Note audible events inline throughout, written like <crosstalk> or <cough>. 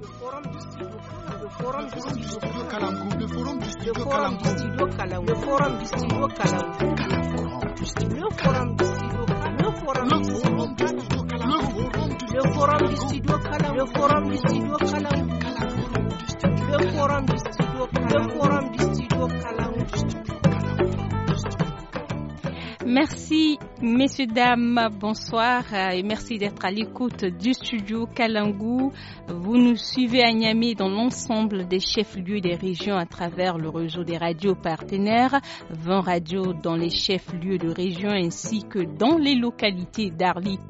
le forum du studio le forum du le forum du studio le forum du studio forum du du du du du Merci, messieurs, dames, bonsoir euh, et merci d'être à l'écoute du studio Kalangou. Vous nous suivez à Niamey dans l'ensemble des chefs-lieux des régions à travers le réseau des radios partenaires, 20 radios dans les chefs-lieux de région ainsi que dans les localités d'Arlit,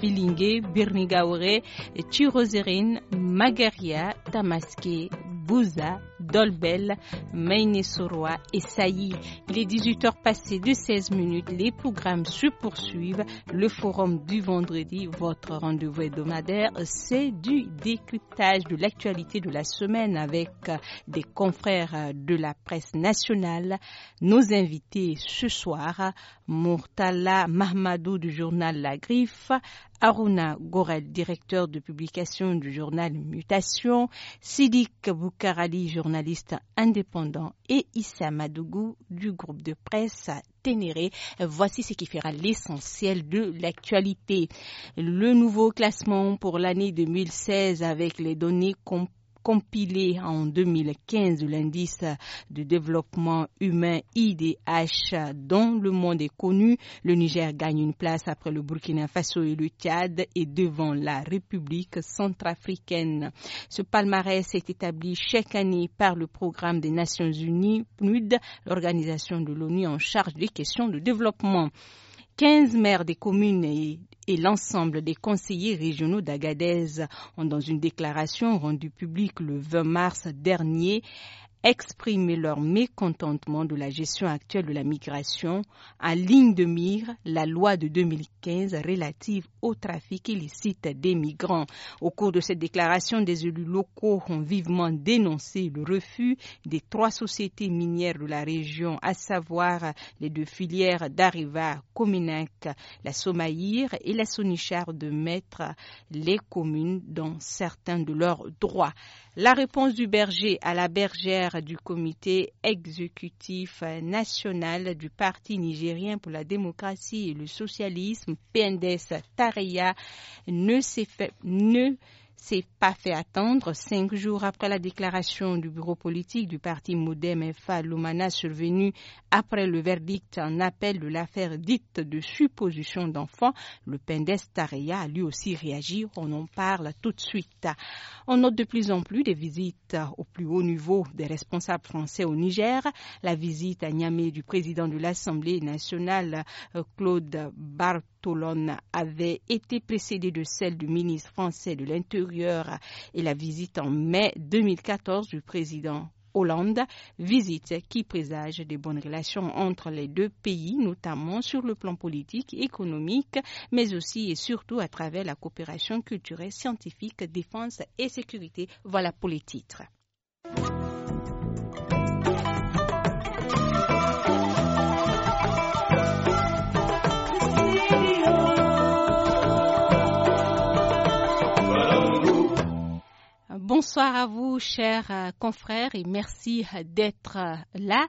Filingué, Birnigaoré, Tirozérine, Magaria, Tamaské, Bouza Dolbel, Meine soroa et Sailly. Il est 18h passé de 16 minutes. Les programmes se poursuivent. Le forum du vendredi, votre rendez-vous hebdomadaire, c'est du décryptage de l'actualité de la semaine avec des confrères de la presse nationale. Nos invités ce soir, Murtala Mahmadou du journal La Griffe, Aruna Gorel, directeur de publication du journal Mutation, Sidik Boukarali, journal journaliste indépendant, et Issa Madougou du groupe de presse Ténéré. Voici ce qui fera l'essentiel de l'actualité. Le nouveau classement pour l'année 2016 avec les données complètes compilé en 2015 l'indice de développement humain IDH dont le monde est connu, le Niger gagne une place après le Burkina Faso et le Tchad et devant la République centrafricaine. Ce palmarès est établi chaque année par le programme des Nations Unies, PNUD, l'organisation de l'ONU en charge des questions de développement. 15 maires des communes et et l'ensemble des conseillers régionaux d'Agadez ont, dans une déclaration rendue publique le 20 mars dernier, exprimer leur mécontentement de la gestion actuelle de la migration en ligne de mire la loi de 2015 relative au trafic illicite des migrants. Au cours de cette déclaration, des élus locaux ont vivement dénoncé le refus des trois sociétés minières de la région, à savoir les deux filières d'Arriva, Cominac, la Somaïr et la Sonichar de mettre les communes dans certains de leurs droits. La réponse du berger à la bergère du comité exécutif national du Parti nigérien pour la démocratie et le socialisme, PNDS Tareya, ne s'est fait, ne s'est pas fait attendre. Cinq jours après la déclaration du bureau politique du parti Modem FA Lumana survenu après le verdict en appel de l'affaire dite de supposition d'enfant, le Pendes Tareya a lui aussi réagi. On en parle tout de suite. On note de plus en plus des visites au plus haut niveau des responsables français au Niger. La visite à Niamey du président de l'Assemblée nationale, Claude Bartolone, avait été précédée de celle du ministre français de l'Intérieur et la visite en mai 2014 du président Hollande, visite qui présage des bonnes relations entre les deux pays, notamment sur le plan politique, économique, mais aussi et surtout à travers la coopération culturelle, scientifique, défense et sécurité. Voilà pour les titres. Bonsoir à vous, chers euh, confrères, et merci euh, d'être euh, là.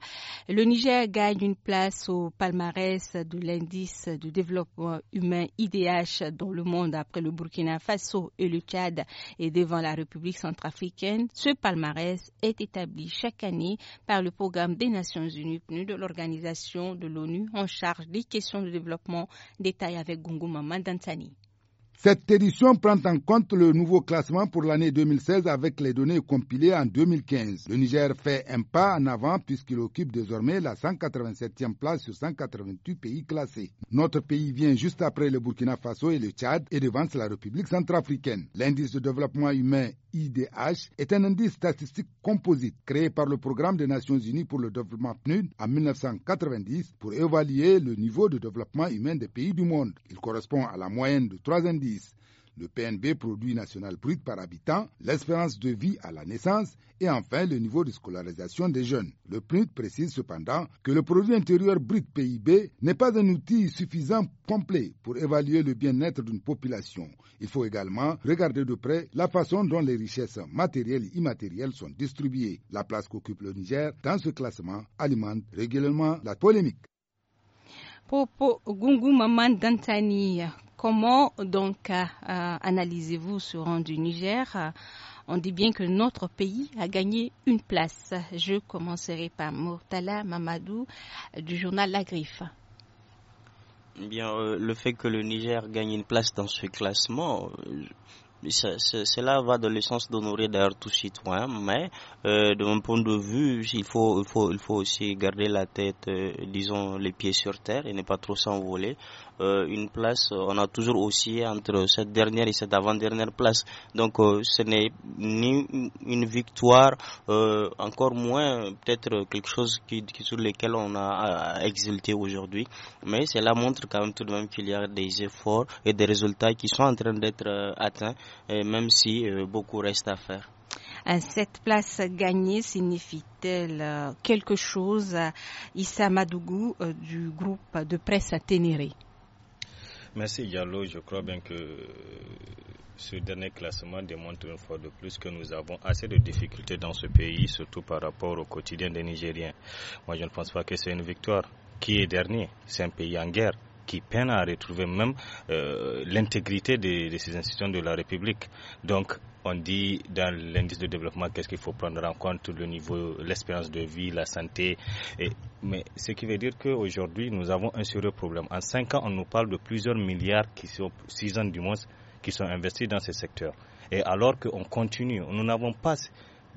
Le Niger gagne une place au palmarès de l'indice du développement humain IDH dans le monde après le Burkina Faso et le Tchad et devant la République centrafricaine. Ce palmarès est établi chaque année par le programme des Nations Unies de l'organisation de l'ONU en charge des questions de développement. Détail avec Gungu Mamadantani. Cette édition prend en compte le nouveau classement pour l'année 2016 avec les données compilées en 2015. Le Niger fait un pas en avant puisqu'il occupe désormais la 187e place sur 188 pays classés. Notre pays vient juste après le Burkina Faso et le Tchad et devance la République centrafricaine. L'indice de développement humain IDH est un indice statistique composite créé par le Programme des Nations Unies pour le développement PNUD en 1990 pour évaluer le niveau de développement humain des pays du monde. Il correspond à la moyenne de trois indices le PNB, produit national brut par habitant, l'espérance de vie à la naissance et enfin le niveau de scolarisation des jeunes. Le PNUD précise cependant que le produit intérieur brut PIB n'est pas un outil suffisant complet pour évaluer le bien-être d'une population. Il faut également regarder de près la façon dont les richesses matérielles et immatérielles sont distribuées. La place qu'occupe le Niger dans ce classement alimente régulièrement la polémique. Comment donc euh, euh, analysez-vous ce rang du Niger euh, On dit bien que notre pays a gagné une place. Je commencerai par Mortala Mamadou du journal La Griffe. Bien, le fait que le Niger gagne une place dans ce classement, cela va dans le sens d'honorer d'ailleurs tout citoyens, mais euh, de mon point de vue, il faut, il faut, il faut aussi garder la tête, euh, disons, les pieds sur terre et ne pas trop s'envoler. Euh, une place, on a toujours aussi entre cette dernière et cette avant-dernière place. Donc, euh, ce n'est ni une victoire, encore moins peut-être quelque chose qui, sur lequel on a exulté aujourd'hui, mais cela montre quand même tout de même qu'il y a des efforts et des résultats qui sont en train d'être atteints euh, même si euh, beaucoup reste à faire. Euh, cette place gagnée signifie-t-elle quelque chose à Issa Madougou du groupe de presse à Ténéré Merci Diallo. Je crois bien que ce dernier classement démontre une fois de plus que nous avons assez de difficultés dans ce pays, surtout par rapport au quotidien des Nigériens. Moi, je ne pense pas que c'est une victoire. Qui est dernier C'est un pays en guerre qui peinent à retrouver même euh, l'intégrité de, ces institutions de la République. Donc, on dit dans l'indice de développement qu'est-ce qu'il faut prendre en compte, le niveau, l'espérance de vie, la santé. mais ce qui veut dire qu'aujourd'hui, nous avons un sérieux problème. En cinq ans, on nous parle de plusieurs milliards qui sont, six ans du moins, qui sont investis dans ces secteurs. Et alors qu'on continue, nous n'avons pas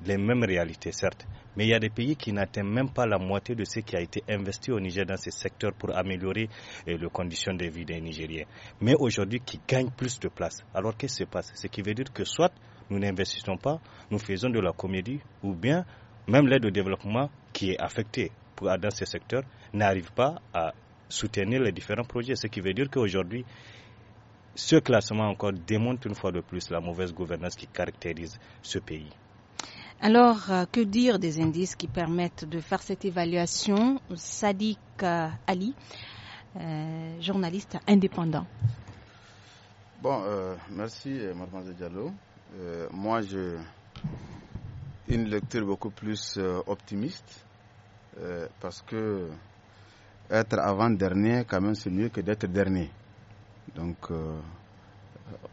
les mêmes réalités, certes, mais il y a des pays qui n'atteignent même pas la moitié de ce qui a été investi au Niger dans ces secteurs pour améliorer eh, les conditions de vie des Nigériens. Mais aujourd'hui, qui gagnent plus de place. Alors qu'est-ce qui se passe Ce qui veut dire que soit nous n'investissons pas, nous faisons de la comédie, ou bien même l'aide au développement qui est affectée dans ces secteurs n'arrive pas à soutenir les différents projets. Ce qui veut dire qu'aujourd'hui, ce classement encore démontre une fois de plus la mauvaise gouvernance qui caractérise ce pays. Alors, euh, que dire des indices qui permettent de faire cette évaluation Sadiq euh, Ali, euh, journaliste indépendant. Bon, merci, Madame Diallo. moi, j'ai une lecture beaucoup plus optimiste parce que être avant-dernier, quand même, c'est mieux que d'être dernier. Donc,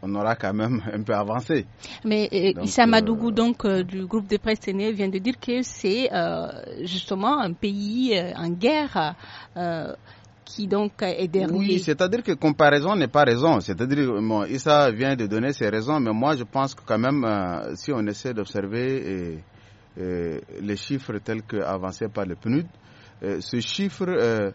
on aura quand même un peu avancé. Mais euh, Issa euh, Madougou, donc, euh, du groupe de presse vient de dire que c'est justement un pays en guerre qui donc est dernier. Oui, c'est-à-dire que comparaison n'est pas raison. C'est-à-dire, bon, Issa vient de donner ses raisons, mais moi je pense que quand même, si on essaie d'observer les chiffres tels que avancés par le PNUD, ce chiffre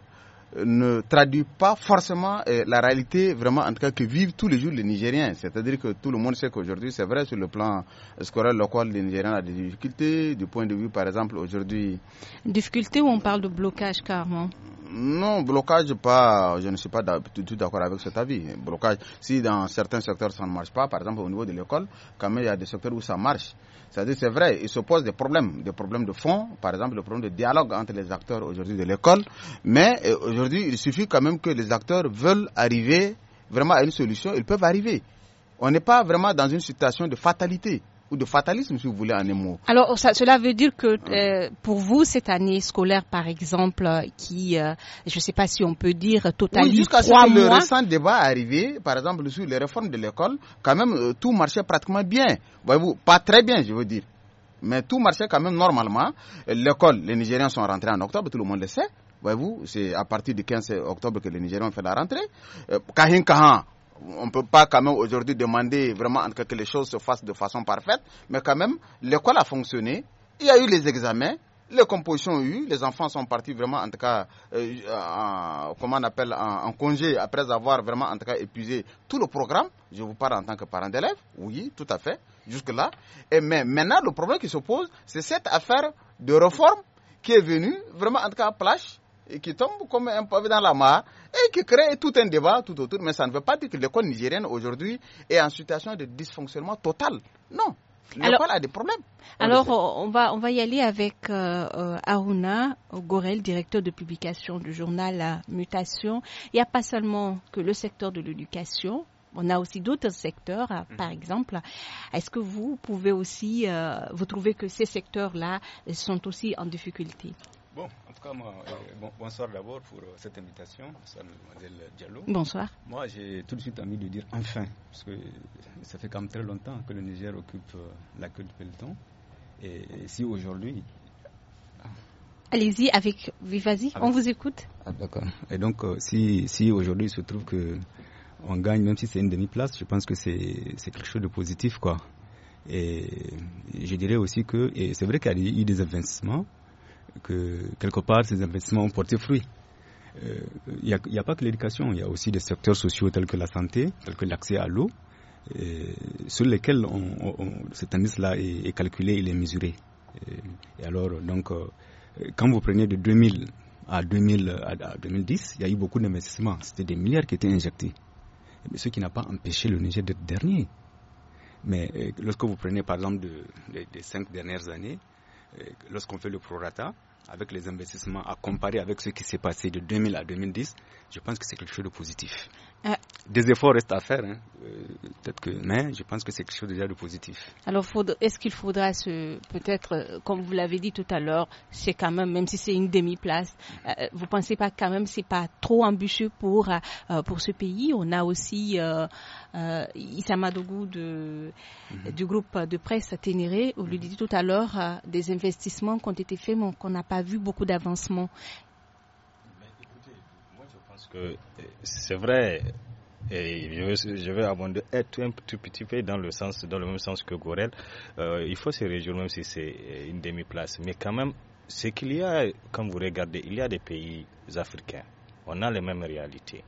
ne traduit pas forcément euh, la réalité vraiment en tout cas que vivent tous les jours les Nigériens. C'est-à-dire que tout le monde sait qu'aujourd'hui, c'est vrai sur le plan scolaire local, les Nigériens ont des difficultés. Du point de vue, par exemple, aujourd'hui. Difficultés où on parle de blocage carrément non, blocage, pas. Je ne suis pas tout d'accord avec cet avis. Blocage, si dans certains secteurs ça ne marche pas, par exemple au niveau de l'école, quand même il y a des secteurs où ça marche. C'est-à-dire, c'est vrai, il se pose des problèmes, des problèmes de fond, par exemple le problème de dialogue entre les acteurs aujourd'hui de l'école, mais euh, aujourd'hui, il suffit quand même que les acteurs veulent arriver vraiment à une solution, ils peuvent arriver. On n'est pas vraiment dans une situation de fatalité ou de fatalisme, si vous voulez, en un mot. Alors, cela veut dire que ah euh, pour vous, cette année scolaire, par exemple, euh, qui, euh, je ne sais pas si on peut dire totalement. Oui, jusqu'à ce que le récent débat arrivé, par exemple, sur les réformes de l'école, quand même, tout marchait pratiquement bien. Voyez-vous, pas très bien, je veux dire. Mais tout marchait quand même normalement. L'école, les Nigériens sont rentrés en octobre, tout le monde le sait. Voyez-vous, c'est à partir du 15 octobre que les Nigériens ont fait la rentrée. Kahin Kahan, on ne peut pas quand même aujourd'hui demander vraiment en que les choses se fassent de façon parfaite, mais quand même, l'école a fonctionné, il y a eu les examens, les compositions ont eu, les enfants sont partis vraiment, en tout cas, euh, comment on appelle, en, congé, après avoir vraiment, en tout cas, épuisé tout le programme. Je vous parle en tant que parent d'élève, oui, tout à fait, jusque-là. Et mais maintenant, le problème qui se pose, c'est cette affaire de réforme qui est venue vraiment, en tout cas, à plage, et qui tombe comme un pavé dans la main et qui crée tout un débat tout autour. Mais ça ne veut pas dire que l'école nigérienne aujourd'hui est en situation de dysfonctionnement total. Non. L'école a des problèmes. alors, on va, on va y aller avec euh, euh, Aruna Gorel, directeur de publication du journal Mutation. Il n'y a pas seulement que le secteur de l'éducation, on a aussi d'autres secteurs, hein, par mhm. exemple. Est-ce que vous pouvez aussi, euh, vous trouvez que ces secteurs-là sont aussi en difficulté Bon, en tout cas, euh, bonsoir d'abord pour euh, cette invitation. Bonsoir, mademoiselle Diallo. Bonsoir. Moi, j'ai tout de suite envie de dire enfin, parce que ça fait quand même très longtemps que le Niger occupe euh, la queue du peloton. Et, si aujourd'hui. Ah. Allez-y avec Vivazi, on vous écoute. Ah, d'accord. Et donc, si, si aujourd'hui il se trouve que on gagne, même si c'est une demi-place, je pense que c'est quelque chose de positif, quoi. Et je dirais aussi que, et c'est vrai qu'il y a eu des avancements, que quelque part ces investissements ont porté fruit. Il euh, n'y a, pas que l'éducation, il y a aussi des secteurs sociaux tels que la santé, tels que l'accès à l'eau, sur lesquels cet indice-là est, calculé, il est mesuré. Et, alors, donc, euh, quand vous prenez de 2000 à, à 2010, il y a eu beaucoup d'investissements. C'était des milliards qui étaient injectés. Mais ce qui n'a pas empêché le Niger d'être dernier. Mais euh, lorsque vous prenez par exemple des cinq dernières années, lorsqu'on fait le prorata, avec les investissements à comparer avec ce qui s'est passé de 2000 à 2010, je pense que c'est quelque chose de positif. Euh. Des efforts restent à faire, hein. euh, peut-être que, mais je pense que c'est quelque chose déjà de positif. Alors, est-ce qu'il faudra se, peut-être, euh, comme vous l'avez dit tout à l'heure, c'est quand même, même si c'est une demi-place, vous vous pensez pas quand même c'est pas trop ambitieux pour pour ce pays On a aussi Issa de, mm-hmm. du groupe de presse Ténéré, vous lui mm-hmm. dit tout à l'heure des investissements qui ont été faits, mais qu'on n'a pas vu beaucoup d'avancement que euh, c'est vrai, et je vais, je être un tout petit peu dans le sens, dans le même sens que Gorel. Euh, il faut se réjouir même si c'est euh, une demi-place. Mais quand même, ce qu'il y a, quand vous regardez, il y a des pays africains. On a les mêmes réalités.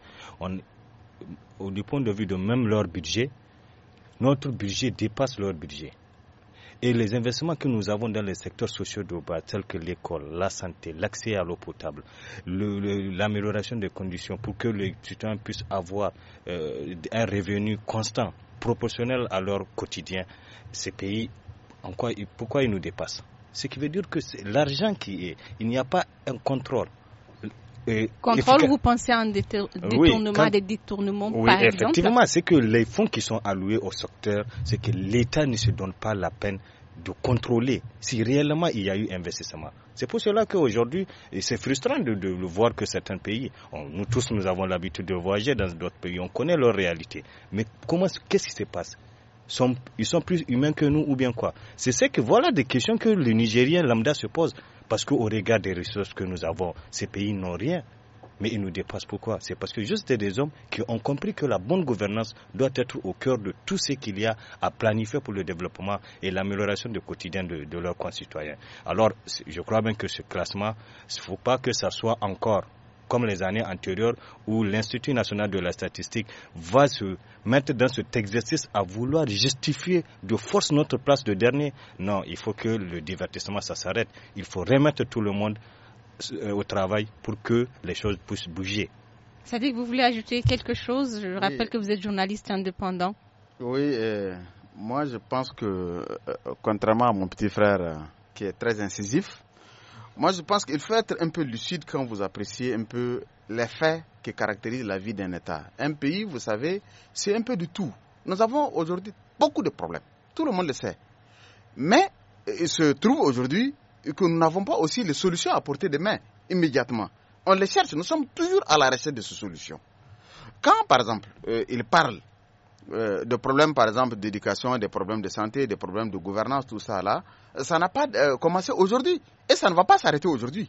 du point de vue de même leur budget, notre budget dépasse leur budget. Et les investissements que nous avons dans les secteurs sociaux de bas, tels que l'école, la santé, l'accès à l'eau potable, l'amélioration des conditions pour que les citoyens puissent avoir euh, un revenu constant, proportionnel à leur quotidien, ces pays, pourquoi ils nous dépassent Ce qui veut dire que c'est l'argent qui est, il n'y a pas un contrôle Contrôle, vous pensez à un détournement, des détournements oui, effectivement, c'est que les fonds qui sont alloués au secteur, c'est que l'État ne se donne pas la peine de contrôler si réellement il y a eu investissement. C'est pour cela qu'aujourd'hui, c'est frustrant de, le voir que certains pays, nous tous nous avons l'habitude de voyager dans d'autres pays, on connaît leur réalité. Mais comment, qu'est-ce qui se passe ils sont plus humains que nous ou bien quoi C'est ce que voilà des questions que les Nigériens lambda se posent. Parce qu'au regard des ressources que nous avons, ces pays n'ont rien. Mais ils nous dépassent pourquoi C'est parce que juste des hommes qui ont compris que la bonne gouvernance doit être au cœur de tout ce qu'il y a à planifier pour le développement et l'amélioration du quotidien de, de leurs concitoyens. Alors, je crois bien que ce classement, il ne faut pas que ça soit encore comme les années antérieures où l'Institut national de la statistique va se mettre dans cet exercice à vouloir justifier de force notre place de dernier. Non, il faut que le divertissement, ça s'arrête. Il faut remettre tout le monde euh, au travail pour que les choses puissent bouger. Ça dire que vous voulez ajouter quelque chose Je rappelle que vous êtes journaliste indépendant. Oui, moi je pense que, euh, contrairement à mon petit frère euh, qui est très incisif, moi, je pense qu'il faut être un peu lucide quand vous appréciez un peu les faits qui caractérisent la vie d'un État. Un pays, vous savez, c'est un peu de tout. Nous avons aujourd'hui beaucoup de problèmes. Tout le monde le sait. Mais il se trouve aujourd'hui que nous n'avons pas aussi les solutions à porter demain immédiatement. On les cherche, nous sommes toujours à la recherche de ces solutions. Quand, par exemple, euh, il parle euh, de problèmes, par exemple, d'éducation, des problèmes de santé, des problèmes de gouvernance, tout ça là, ça n'a pas euh, commencé aujourd'hui. Et ça ne va pas s'arrêter aujourd'hui.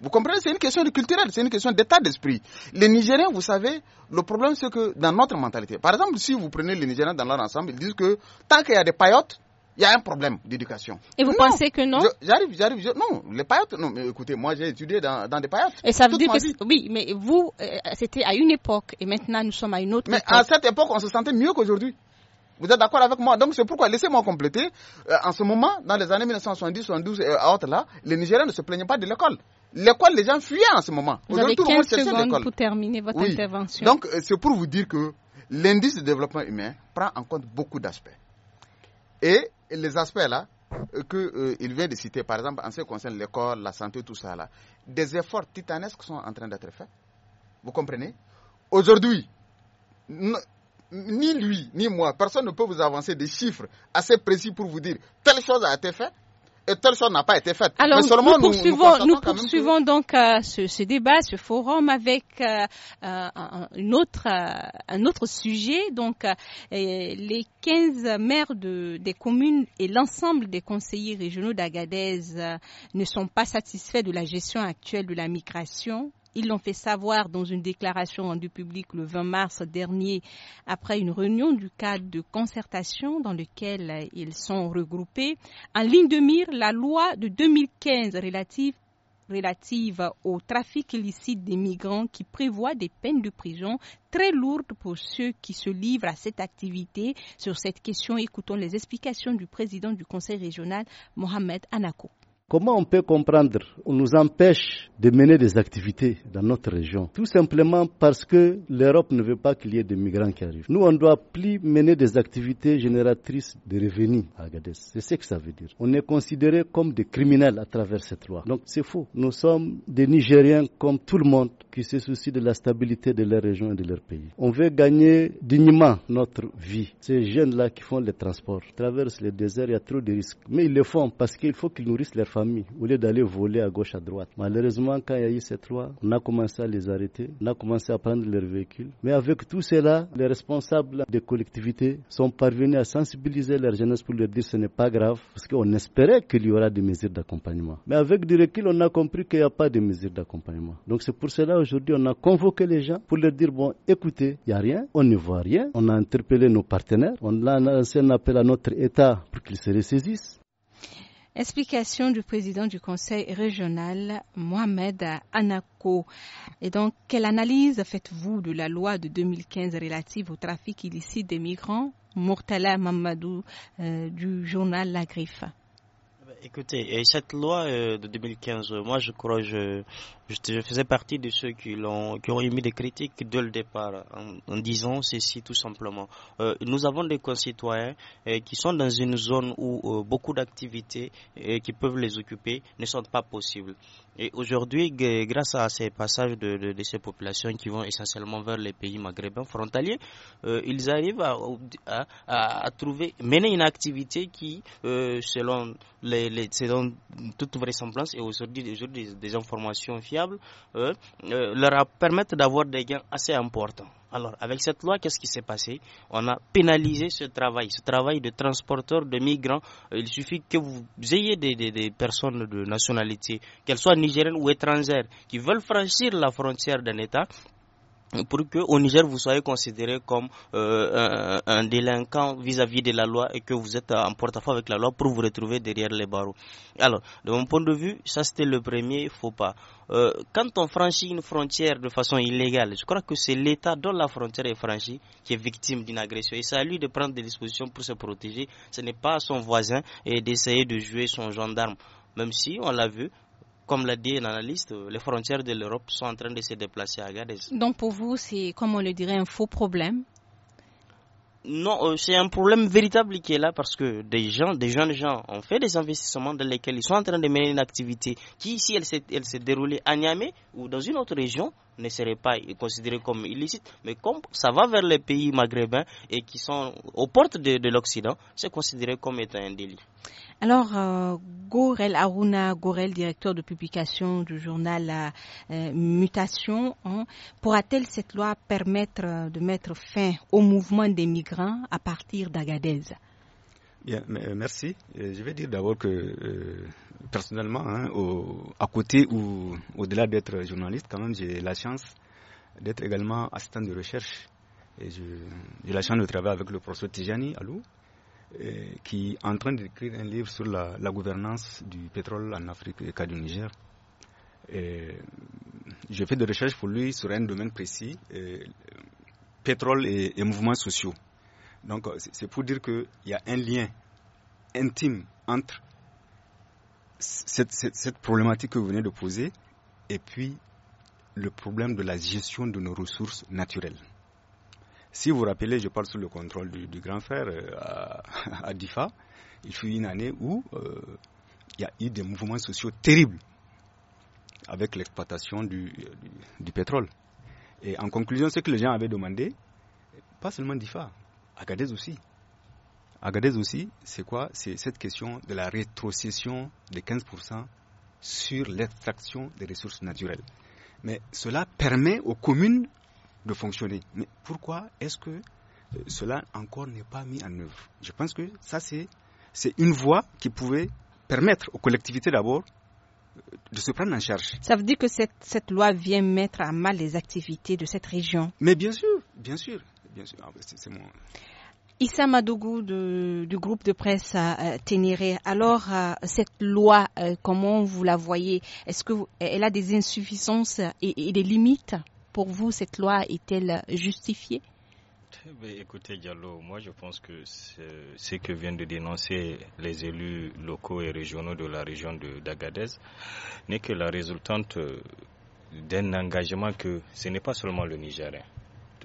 Vous comprenez C'est une question de culturelle, c'est une question d'état d'esprit. Les Nigériens, vous savez, le problème c'est que dans notre mentalité, par exemple, si vous prenez les Nigériens dans leur ensemble, ils disent que tant qu'il y a des paillotes, il y a un problème d'éducation. Et vous pensez que non J'arrive, j'arrive. non, les paillotes, non, mais écoutez, moi j'ai étudié dans, dans, des paillotes. Et ça veut dire que. Oui, mais vous, euh, c'était à une époque et maintenant nous sommes à une autre mais époque. Mais à cette époque, on se sentait mieux qu'aujourd'hui. Vous êtes d'accord avec moi Donc c'est pourquoi, laissez-moi compléter. Euh, en ce moment, dans les années 1970, 72 et autres là, les Nigériens ne se plaignaient pas de l'école. L'école, les gens fuyaient en ce moment. Vous avez 15 secondes pour terminer votre intervention. Donc euh, c'est pour vous dire que l'indice de développement humain prend en compte beaucoup d'aspects. Et les aspects là euh, qu'il euh, vient de citer, par exemple en ce qui concerne l'école, la santé, tout ça là, des efforts titanesques sont en train d'être faits. Vous comprenez Aujourd'hui, ni lui, ni moi, personne ne peut vous avancer des chiffres assez précis pour vous dire telle chose a été faite, et telle chose n'a pas été faite. Alors, nous poursuivons, donc euh, ce, débat, ce forum avec euh, euh, un, autre, sujet. Donc, les 15 maires des communes et l'ensemble des conseillers régionaux d'Agadez ne sont pas satisfaits de la gestion actuelle de la migration ils l'ont fait savoir dans une déclaration rendue publique le 20 mars dernier après une réunion du cadre de concertation dans lequel ils sont regroupés. En ligne de mire, la loi de 2015 relative relative au trafic illicite des migrants qui prévoit des peines de prison très lourdes pour ceux qui se livrent à cette activité. Sur cette question, écoutons les explications du président du Conseil régional, Mohamed Anako. Comment on peut comprendre On nous empêche de mener des activités dans notre région, tout simplement parce que l'Europe ne veut pas qu'il y ait des migrants qui arrivent. Nous, on ne doit plus mener des activités génératrices de revenus à Agadez. C'est ce que ça veut dire. On est considéré comme des criminels à travers cette loi. Donc c'est faux. Nous sommes des Nigériens comme tout le monde qui se soucient de la stabilité de leur région et de leur pays. On veut gagner dignement notre vie. Ces jeunes-là qui font les transports traversent le déserts, il y a trop de risques. Mais ils le font parce qu'il faut qu'ils nourrissent leur famille au lieu d'aller voler à gauche, à droite. Malheureusement, quand il y a eu ces trois, on a commencé à les arrêter, on a commencé à prendre leurs véhicules. Mais avec tout cela, les responsables des collectivités sont parvenus à sensibiliser leur jeunesse pour leur dire que ce n'est pas grave, parce qu'on espérait qu'il y aura des mesures d'accompagnement. Mais avec du recul, on a compris qu'il n'y a pas de mesures d'accompagnement. Donc c'est pour cela aujourd'hui, on a convoqué les gens pour leur dire, bon, écoutez, il n'y a rien, on ne voit rien, on a interpellé nos partenaires, on a lancé un appel à notre État pour qu'ils se ressaisissent. Explication du président du conseil régional, Mohamed Anako. Et donc, quelle analyse faites-vous de la loi de 2015 relative au trafic illicite des migrants Mortala Mamadou euh, du journal La Griffe. Eh ben, écoutez, cette loi euh, de 2015, moi je crois, je, je, faisais partie de ceux qui, l'ont, qui ont émis des critiques dès le départ en, disant ceci tout simplement. Euh, nous avons des concitoyens euh, qui sont dans une zone où euh, beaucoup d'activités qui peuvent les occuper ne sont pas possibles. Et aujourd'hui, grâce à ces passages de, ces populations qui vont essentiellement vers les pays maghrébins frontaliers, ils arrivent à, à, trouver, mener une activité qui, selon, les, toute vraisemblance et aujourd'hui, des, informations euh, euh, leur permettre d'avoir des gains assez importants. Alors, avec cette loi, qu'est-ce qui s'est passé On a pénalisé ce travail, ce travail de transporteur de migrants. Euh, il suffit que vous ayez des, des personnes de nationalité, qu'elles soient nigériennes ou étrangères, qui veulent franchir la frontière d'un État pour que au Niger vous soyez considéré comme euh, un, délinquant vis-à-vis de la loi et que vous êtes en porte-à-faux avec la loi pour vous retrouver derrière les barreaux. Alors, de mon point de vue, ça c'était le premier faux pas. Euh, quand on franchit une frontière de façon illégale, je crois que c'est l'État dont la frontière est franchie qui est victime d'une agression. Et c'est à lui de prendre des dispositions pour se protéger. Ce n'est pas à son voisin et d'essayer de jouer son gendarme même si on l'a vu, comme l'a dit l'analyste, euh, les frontières de l'Europe sont en train de se déplacer à Gadez. Donc pour vous, c'est, comme on le dirait, un faux problème non, euh, c'est un problème véritable qui est là parce que des gens, des jeunes gens ont fait des investissements dans lesquels ils sont en train de mener une activité qui, si elle s'est, déroulée à Niamey ou dans une autre région, ne serait pas considérée comme illicite. Mais comme ça va vers les pays maghrébins et qui sont aux portes de l'Occident, c'est considéré comme étant un délit. Alors, euh, Gorel Aruna Gorel, directeur de publication du journal euh, Mutation, hein, pourra-t-elle cette loi permettre euh, de mettre fin au mouvement des migrants à partir d'Agadez merci. Je vais dire d'abord que personnellement, hein, à côté ou au-delà d'être journaliste, quand même, j'ai la chance d'être également assistant de recherche. Et j'ai la chance de travailler avec le professeur Tijani Allô euh, qui est en train d'écrire un livre sur la, gouvernance du pétrole en Afrique et cas du Niger. J'ai fait des recherches pour lui sur un domaine précis, euh, pétrole et, mouvements sociaux. Donc c'est pour dire qu'il y a un lien intime entre cette problématique que vous venez de poser et puis le problème de la gestion de nos ressources naturelles. Si vous vous rappelez, je parle sous le contrôle du, grand frère euh, <laughs> à, Difa. Il fut une année où euh, il y a eu des mouvements sociaux terribles avec l'exploitation du, pétrole. Et en conclusion, ce que les gens avaient demandé, pas seulement d'IFA, Agadez aussi. Agadez aussi, c'est quoi C'est cette question de la rétrocession de 15% sur l'extraction des ressources naturelles. Mais cela permet aux communes de fonctionner. Mais pourquoi est-ce que euh, cela encore n'est pas mis en œuvre Je pense que ça, c'est, une voie qui pouvait permettre aux collectivités d'abord euh, de se prendre en charge. Ça veut dire que cette, loi vient mettre à mal les activités de cette région. Mais bien sûr, bien sûr, bien sûr. Ah, Issa Madougou du groupe de presse euh, Ténéré. Alors, cette loi, comment vous la voyez Est-ce qu'elle a des insuffisances et des limites pour vous, cette loi est-elle justifiée eh ben, écoutez, Diallo, moi je pense que ce que viennent de dénoncer les élus locaux et régionaux de la région d'Agadez n'est que la résultante euh, d'un engagement que ce n'est pas seulement le Nigérien.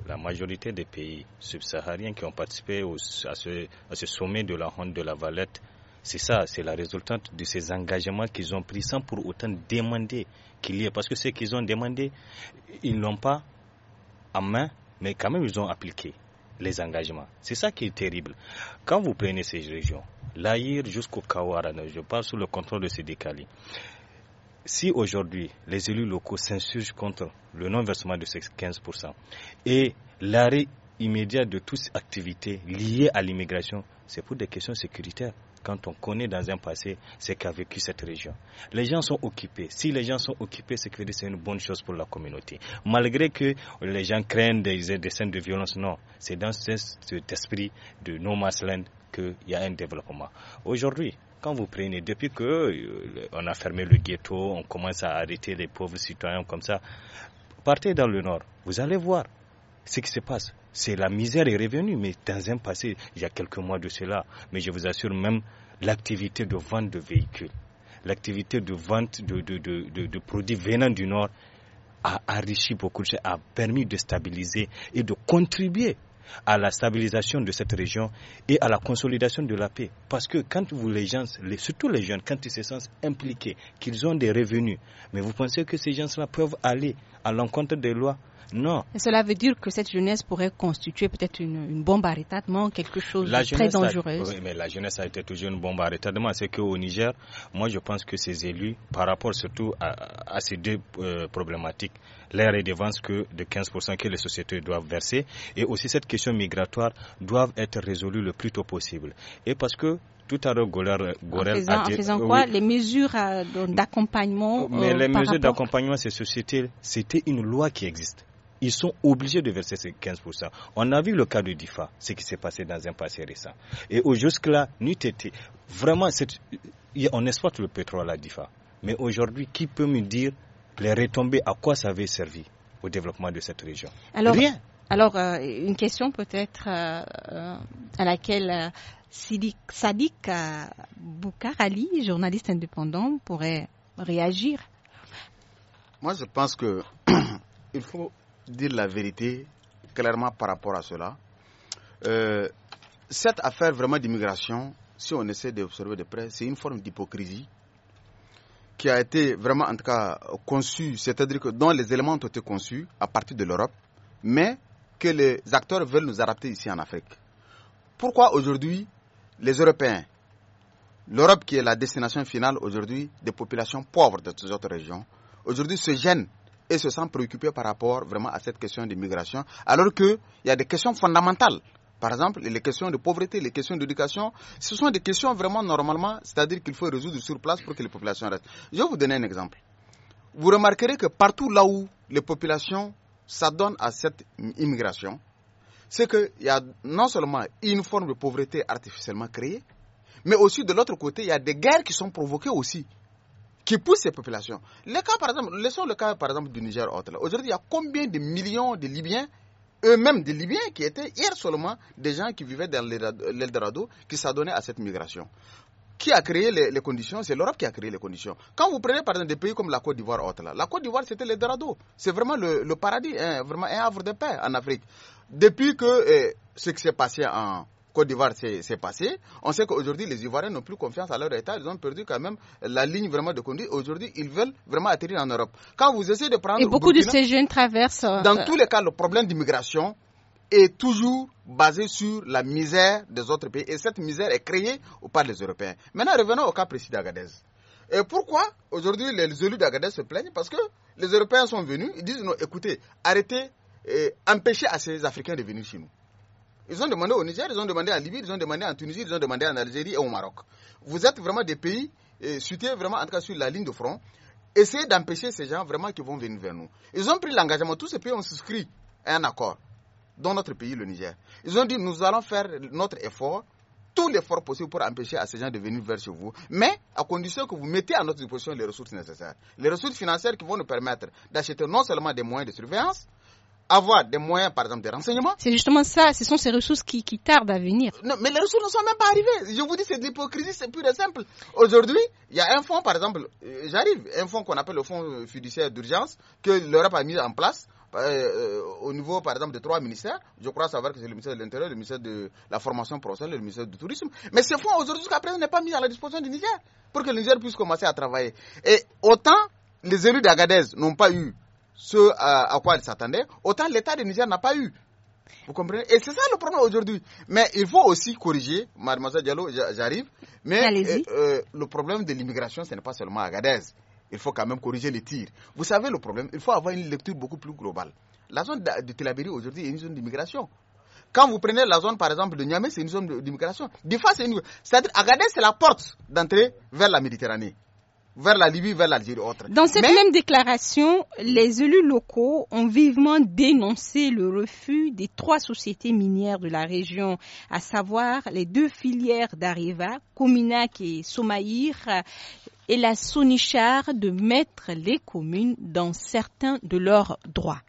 La majorité des pays subsahariens qui ont participé à, ce, à, ce, sommet de la Honte de la Valette c'est ça, c'est la résultante de ces engagements qu'ils ont pris sans pour autant demander qu'il y ait. Parce que ce qu'ils ont demandé, ils ne l'ont pas en main, mais quand même ils ont appliqué les engagements. C'est ça qui est terrible. Quand vous prenez ces régions, l'Aïr jusqu'au Kawarana, je parle sous le contrôle de décalés. Si aujourd'hui les élus locaux s'insurgent contre le non-versement de ces 15% et l'arrêt immédiat de toute activités liées à l'immigration, c'est pour des questions sécuritaires quand on connaît dans un passé ce qu'a vécu cette région. Les gens sont occupés. Si les gens sont occupés, c'est que c'est une bonne chose pour la communauté. Malgré que les gens craignent des, scènes de violence, non. C'est dans cet esprit de no man's land qu'il y a un développement. Aujourd'hui, quand vous prenez, depuis que euh, a fermé le ghetto, on commence à arrêter les pauvres citoyens comme ça, partez dans le nord, vous allez voir ce qui se passe, c'est la misère est revenue, mais dans un passé, il y a quelques mois de cela. Mais je vous assure même, l'activité de vente de véhicules, l'activité de vente de, produits venant du Nord a enrichi beaucoup, de a permis de stabiliser et de contribuer à la stabilisation de cette région et à la consolidation de la paix. Parce que quand vous, les gens, surtout les jeunes, quand ils se sentent impliqués, qu'ils ont des revenus, mais vous pensez que ces gens-là peuvent aller à l'encontre des lois non. cela veut dire que cette jeunesse pourrait constituer peut-être une, bombe à retardement, quelque chose de très dangereux. Oui, mais la jeunesse a été toujours une bombe à retardement. C'est qu'au Niger, moi je pense que ces élus, par rapport surtout à, ces deux euh, problématiques, les redevances que de 15% que les sociétés doivent verser et aussi cette question migratoire doivent être résolues le plus tôt possible. Et parce que tout à l'heure, Gorel, euh, a dit, faisant euh, quoi Les mesures d'accompagnement. Mais les mesures d'accompagnement d'accompagnement, ces sociétés, c'était une loi qui existe ils sont obligés de verser ces 15%. On a vu le cas de DIFA, ce qui s'est passé dans un passé récent. Et jusque-là, nuit été. Vraiment, on exploite le pétrole à DIFA. Mais aujourd'hui, qui peut me dire les retombées, à quoi ça avait servi au développement de cette région alors, Rien. Alors, euh, une question peut-être euh, à laquelle euh, Sidik, Sadik Boukar Ali, journaliste indépendant, pourrait réagir. Moi, je pense que <clears throat> il faut dire la vérité clairement par rapport à cela. Euh, cette affaire vraiment d'immigration, si on essaie d'observer de près, c'est une forme d'hypocrisie qui a été vraiment en tout cas conçue, c'est-à-dire que dont les éléments ont été conçus à partir de l'Europe, mais que les acteurs veulent nous adapter ici en Afrique. Pourquoi aujourd'hui les Européens, l'Europe qui est la destination finale aujourd'hui des populations pauvres de toutes autres régions, aujourd'hui se gênent et se sent préoccupé par rapport vraiment à cette question d'immigration, alors qu'il y a des questions fondamentales. Par exemple, les questions de pauvreté, les questions d'éducation, ce sont des questions vraiment normalement, c'est-à-dire qu'il faut résoudre sur place pour que les populations restent. Je vais vous donner un exemple. Vous remarquerez que partout là où les populations s'adonnent à cette immigration, c'est qu'il y a non seulement une forme de pauvreté artificiellement créée, mais aussi de l'autre côté, il y a des guerres qui sont provoquées aussi qui poussent ces populations. Le cas, par exemple, laissons le cas par exemple du Niger autre. Aujourd'hui, il y a combien de millions de Libyens, eux-mêmes des Libyens, qui étaient hier seulement des gens qui vivaient dans l'Eldorado, qui s'adonnaient à cette migration qui a créé les, conditions C'est l'Europe qui a créé les conditions. Quand vous prenez par exemple des pays comme la Côte d'Ivoire, la Côte d'Ivoire c'était l'Eldorado. C'est vraiment le, paradis, hein, vraiment un havre de paix en Afrique. Depuis que eh, ce qui s'est passé en, Côte d'Ivoire s'est passé, on sait qu'aujourd'hui, les Ivoiriens n'ont plus confiance à leur État. Ils ont perdu quand même la ligne vraiment de conduite. Aujourd'hui, ils veulent vraiment atterrir en Europe. Quand vous essayez de prendre. Et beaucoup de ces jeunes traversent. Euh, dans tous les cas, le problème d'immigration est toujours basé sur la misère des autres pays. Et cette misère est créée par les Européens. Maintenant, revenons au cas précis d'Agadez. Et pourquoi aujourd'hui les élus d'Agadez se plaignent Parce que les Européens sont venus, ils disent nous écoutez, arrêtez, et euh, empêchez à ces Africains de venir chez nous. Ils ont demandé au Niger, ils ont demandé à Libye, ils ont demandé en Tunisie, ils ont demandé en Algérie et au Maroc. Vous êtes vraiment des pays eh, vraiment, en tout cas sur la ligne de front. Essayez d'empêcher ces gens vraiment qui vont venir vers nous. Ils ont pris l'engagement, tous ces pays ont souscrit un accord dans notre pays, le Niger. Ils ont dit, nous allons faire notre effort, tout l'effort possible pour empêcher à ces gens de venir vers vous, mais à condition que vous mettez à notre disposition les ressources nécessaires. Les ressources financières qui vont nous permettre d'acheter non seulement des moyens de surveillance, avoir des moyens, par exemple, de renseignement. C'est justement ça, ce sont ces ressources qui, tardent à venir. Non, mais les ressources ne sont même pas arrivées. Je vous dis, c'est de l'hypocrisie, c'est plus et simple. Aujourd'hui, il y a un fonds, par exemple, euh, j'arrive, un fonds qu'on appelle le fonds fiduciaire d'urgence, que l'Europe a mis en place. Euh, euh, au niveau, par exemple, de trois ministères, je crois savoir que c'est le ministère de l'Intérieur, le ministère de la Formation professionnelle, le ministère du Tourisme. Mais ce fonds, aujourd'hui, jusqu'à présent, n'est pas mis à la disposition du Niger pour que le Niger puisse commencer à travailler. Et autant les élus d'Agadez n'ont pas eu ce à, quoi ils s'attendait autant l'État de Niger n'a pas eu. Vous comprenez Et c'est ça le problème aujourd'hui. Mais il faut aussi corriger, mademoiselle Diallo, j'arrive, mais euh, euh, le problème de l'immigration, ce n'est pas seulement Agadez. Il faut quand même corriger les tirs. Vous savez le problème, il faut avoir une lecture beaucoup plus globale. La zone de Telabéry aujourd'hui est une zone d'immigration. Quand vous prenez la zone, par exemple, de Niamey, c'est une zone d'immigration. Difa, c'est une. C'est-à-dire, Agadez, c'est la porte d'entrée vers la Méditerranée vers la Libye, vers l'Algérie, autre. Dans cette même déclaration, les élus locaux ont vivement dénoncé le refus des trois sociétés minières de la région, à savoir les deux filières d'Arriva, Cominac et Somaïr, et la Sonichar de mettre les communes dans certains de leurs droits.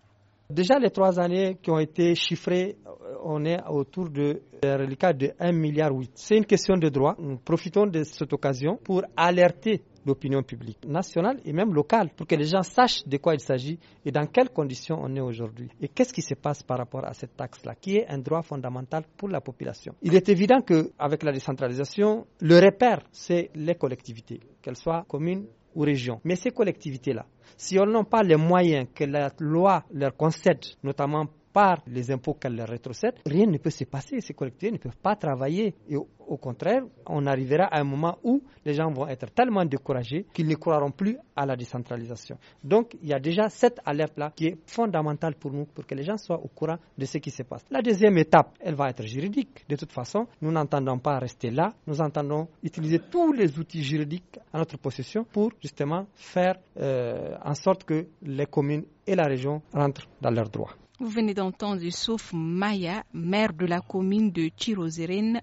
Déjà, les trois années qui ont été chiffrées, euh, on est autour de, euh, de 1,8 milliard. C'est une question de droit. Nous profitons de cette occasion pour alerter l'opinion publique nationale et même locale pour que les gens sachent de quoi il s'agit et dans quelles conditions on est aujourd'hui. Et qu'est-ce qui se passe par rapport à cette taxe-là, qui est un droit fondamental pour la population. Il est évident qu'avec la décentralisation, le repère, c'est les collectivités, qu'elles soient communes ou régions. Mais ces collectivités-là, si elles n'ont pas les moyens que la loi leur concède, notamment par les impôts qu'elle leur rétrocède, rien ne peut se passer. Ces collectivités ne peuvent pas travailler. Et au contraire, on arrivera à un moment où les gens vont être tellement découragés qu'ils ne croiront plus à la décentralisation. Donc, il y a déjà cette alerte-là qui est fondamentale pour nous, pour que les gens soient au courant de ce qui se passe. La deuxième étape, elle va être juridique. De toute façon, nous n'entendons pas rester là. Nous entendons utiliser tous les outils juridiques à notre possession pour justement faire euh, en sorte que les communes et la région rentrent dans leurs droits. Vous venez d'entendre Souf Maya, maire de la commune de Tirozérine,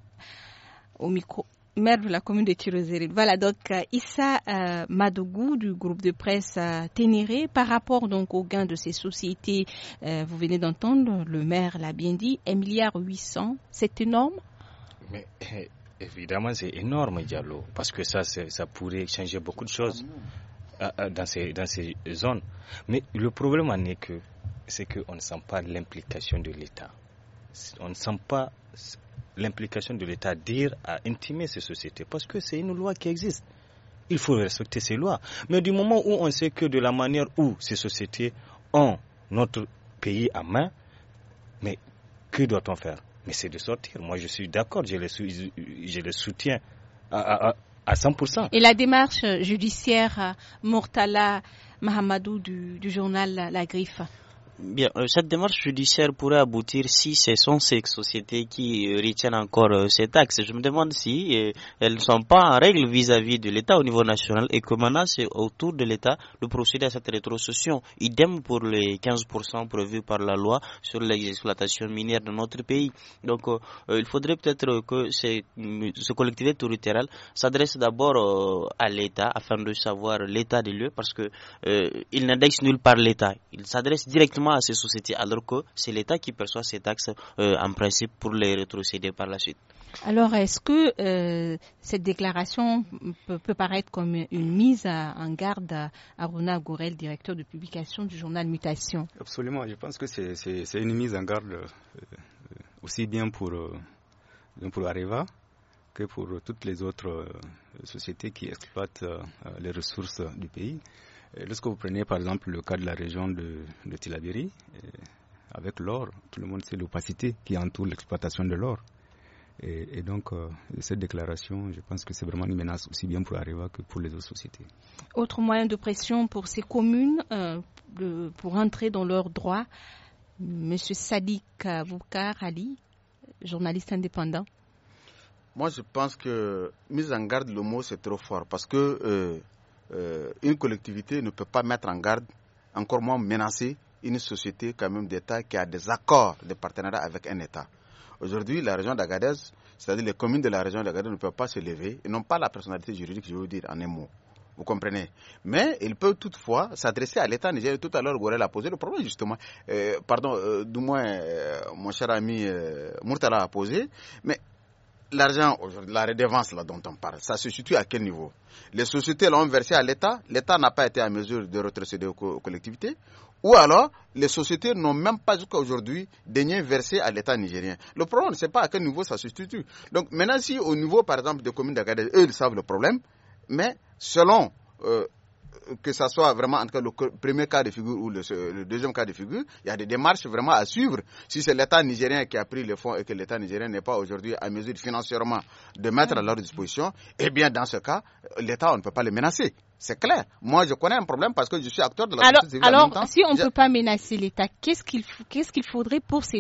au maire de la commune de Tirozérine. Voilà donc euh, Issa euh, Madougou du groupe de presse euh, Ténéré. Par rapport donc au gain de ces sociétés, vous venez d'entendre, le maire l'a bien dit, 1,8 milliard, c'est énorme Mais eh, évidemment c'est énorme Diallo, parce que ça, ça pourrait changer beaucoup de choses dans ces, dans ces zones. Mais le problème en est que c'est qu'on ne sent pas l'implication de l'État. On ne sent pas l'implication de l'État dire à intimer ces sociétés parce que c'est une loi qui existe. Il faut respecter ces lois. Mais du moment où on sait que de la manière où ces sociétés ont notre pays à main, mais que doit-on faire Mais c'est de sortir. Moi, je suis d'accord, je, le, soutiens à, 100%. Et la démarche judiciaire euh, Mortala Mahamadou du journal La Griffe Bien, euh, cette démarche judiciaire pourrait aboutir si ce sont ces sociétés qui euh, retiennent encore euh, ces taxes. Je me demande si elles ne sont pas en règle vis-à-vis de l'État au niveau national et que maintenant c'est autour de l'État de procéder à cette rétrocession. Idem pour les 15% prévus par la loi sur l'exploitation minière de notre pays. Donc il faudrait peut-être que mm, ce collectivité territorial s'adresse d'abord à l'État afin de savoir l'état des lieux parce que il n'indexe nulle part l'État. Il s'adresse directement à ces sociétés alors que c'est l'État qui perçoit ces taxes euh, en principe pour les rétrocéder par la suite. Alors, est-ce que euh, cette déclaration peut, paraître comme une mise en garde à Aruna Gourel, directeur de publication du journal Mutation Absolument, je pense que c'est une mise en garde euh, aussi bien pour, pour Areva que pour toutes les autres sociétés qui exploitent les ressources du pays. Euh, lorsque vous prenez par exemple le cas de la région de, de Tilabiri, euh, avec l'or, tout le monde sait l'opacité qui entoure l'exploitation de l'or. Et, donc, euh, cette déclaration, je pense que c'est vraiment une menace aussi bien pour Areva que pour les autres sociétés. Autre moyen de pression pour ces communes pour entrer dans leurs droits, M. Sadik Boukar Ali, journaliste indépendant. Moi, je pense que mise en garde, le mot, c'est trop fort parce que. Euh, une collectivité ne peut pas mettre en garde, encore moins menacer une société quand même d'État qui a des accords de partenariat avec un État. Aujourd'hui, la région d'Agadez, c'est-à-dire les communes de la région d'Agadez ne peuvent pas se lever Ils n'ont pas la personnalité juridique, je veux dire, en un mot. Vous comprenez Mais ils peuvent toutefois s'adresser à l'État j'ai Tout à l'heure, Gorel a posé le problème, justement. Euh, pardon, euh, du moins, mon cher ami Murtala a posé. Mais l'argent, la redevance là dont on parle, ça se situe à quel niveau Les sociétés l'ont versé à l'État, l'État n'a pas été à mesure de retrocéder aux collectivités, ou alors les sociétés n'ont même pas jusqu'à aujourd'hui daigné verser à l'État nigérien. Le problème, c'est pas à quel niveau ça se situe. Donc maintenant, si au niveau, par exemple, des communes d'Agadez, eux, ils savent le problème, mais selon euh, que ce soit vraiment le premier cas de figure ou le, deuxième cas de figure, il y a des démarches vraiment à suivre. Si c'est l'État nigérien qui a pris les fonds et que l'État nigérien n'est pas aujourd'hui à mesure financièrement de mettre à leur disposition, eh bien dans ce cas, l'État, on ne peut pas le menacer. C'est clair. Moi, je connais un problème parce que je suis acteur de la alors, société Alors, si on ne peut pas menacer l'État, qu'est-ce qu'il qu'est-ce qu'il faudrait pour ces,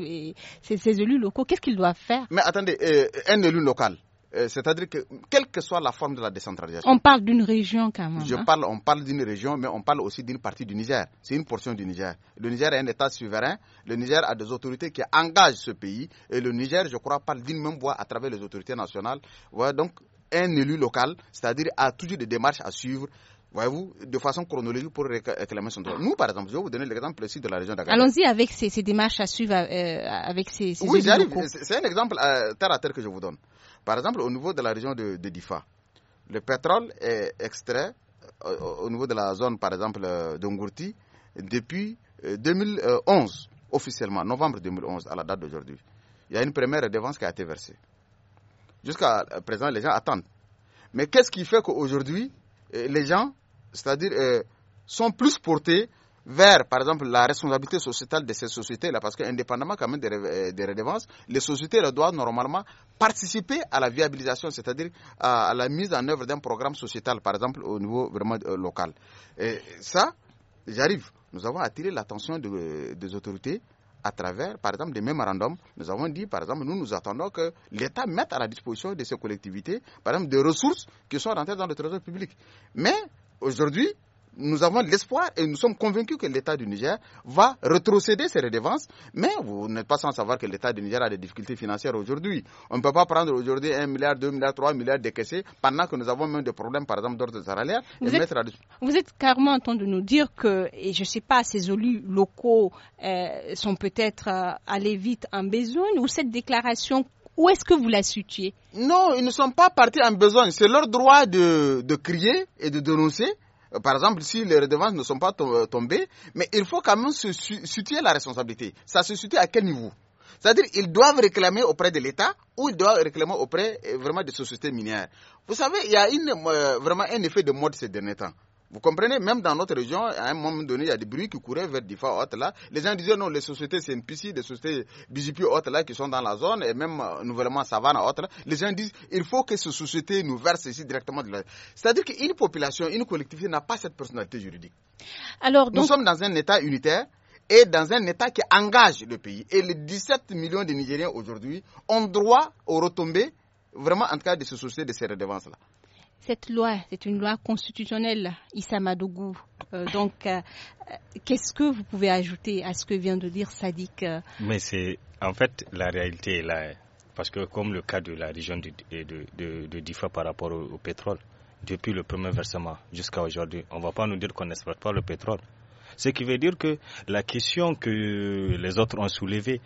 élus locaux Qu'est-ce qu'ils doivent faire Mais attendez, euh, un élu local, euh, c'est-à-dire que, quelle que soit la forme de la décentralisation. On parle d'une région quand même. Je hein. parle, on parle d'une région, mais on parle aussi d'une partie du Niger. C'est une portion du Niger. Le Niger est un État souverain. Le Niger a des autorités qui engagent ce pays. Et le Niger, je crois, parle d'une même voix à travers les autorités nationales. donc, un élu local, c'est-à-dire a toujours des démarches à suivre voyez-vous, de façon chronologique pour réclamer son droit. Nous, par exemple, je vais vous donner l'exemple ici de la région d'Agadez. Allons-y avec ces, démarches à suivre, euh, avec ces, Oui, j'arrive. C'est un exemple euh, terre à terre que je vous donne. Par exemple, au niveau de la région de, Difa, le pétrole est extrait euh, au, niveau de la zone, par exemple, euh, d'Ongourti, depuis 2011, euh, officiellement, novembre 2011, à la date d'aujourd'hui. Il y a une première redevance qui a été versée. Jusqu'à présent, les gens attendent. Mais qu'est-ce qui fait qu'aujourd'hui, les gens, c'est-à-dire, sont plus portés vers, par exemple, la responsabilité sociétale de ces sociétés-là, parce qu'indépendamment quand même des, euh, des les sociétés doivent normalement participer à la viabilisation, c'est-à-dire à, la mise en œuvre d'un programme sociétal, par exemple, au niveau vraiment euh, local. Et ça, j'arrive. Nous avons attiré l'attention des autorités à travers, par exemple, des mémorandums. Nous avons dit, par exemple, nous nous attendons que l'État mette à la disposition de ces collectivités, par exemple, des ressources qui sont rentrées dans le trésor public. Mais aujourd'hui, nous avons l'espoir et nous sommes convaincus que l'État du Niger va retrocéder ses redevances. Mais vous n'êtes pas sans savoir que l'État du Niger a des difficultés financières aujourd'hui. On ne peut pas prendre aujourd'hui 1 milliard, 2 milliards, 3 milliards décaissés pendant que nous avons même des problèmes, par exemple, d'ordre salarial. Vous, êtes, à... vous êtes carrément en train de nous dire que, et je ne sais pas, ces élus locaux euh, sont peut-être euh, allés vite en besogne ou cette déclaration où est-ce que vous la situez Non, ils ne sont pas partis en besoin. C'est leur droit de crier et de dénoncer. Euh, par exemple, si les redevances ne sont pas euh, tombées, mais il faut quand même se situer la responsabilité. Ça se situe à quel niveau c'est-à-dire ils doivent réclamer auprès de l'État ou ils doivent réclamer auprès euh, vraiment des sociétés minières. Vous savez, il y a vraiment un effet de mode ces derniers temps. Vous comprenez, même dans notre région, à un moment donné, il y a des bruits qui couraient vers Difa haute là. Les gens disaient non, les sociétés c'est piscine, les sociétés BGP haute là qui sont dans la zone et même euh, nouvellement Savane haute là. Les gens disent il faut que ces sociétés nous versent ici directement de l'argent. C'est-à-dire qu'une population, une collectivité n'a pas cette personnalité juridique. Alors nous sommes dans un État unitaire et dans un État qui engage le pays. Et les 17 millions de Nigériens aujourd'hui ont droit aux retombées, vraiment en tout cas de ces sociétés, de ces redevances là cette loi, c'est une loi constitutionnelle, Issa Madougou. Euh, donc, euh, euh, qu'est-ce que vous pouvez ajouter à ce que vient de dire Sadiq Mais c'est, en fait, la réalité là. Parce que, comme le cas de la région de, Difa par rapport au, pétrole, depuis le premier versement jusqu'à aujourd'hui, on ne va pas nous dire qu'on n'exploite pas le pétrole. Ce qui veut dire que la question que les autres ont soulevée,